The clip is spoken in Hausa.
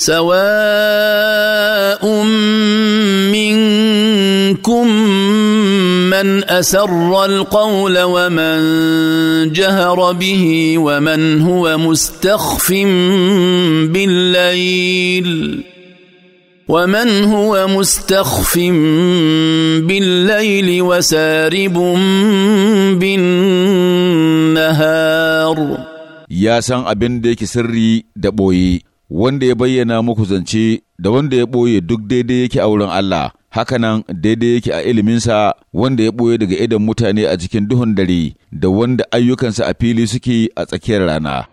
سواء منكم من اسر القول ومن جهر به ومن هو مستخف بالليل ومن هو مستخف بالليل وسارب بالنهار يا سان ابن ديك سري دبوي wanda ya bayyana muku zance da wanda ya ɓoye duk daidai yake a wurin Allah, hakanan daidai yake a iliminsa wanda ya ɓoye daga idan mutane a cikin duhun dare da wanda ayyukansa a fili suke a tsakiyar rana.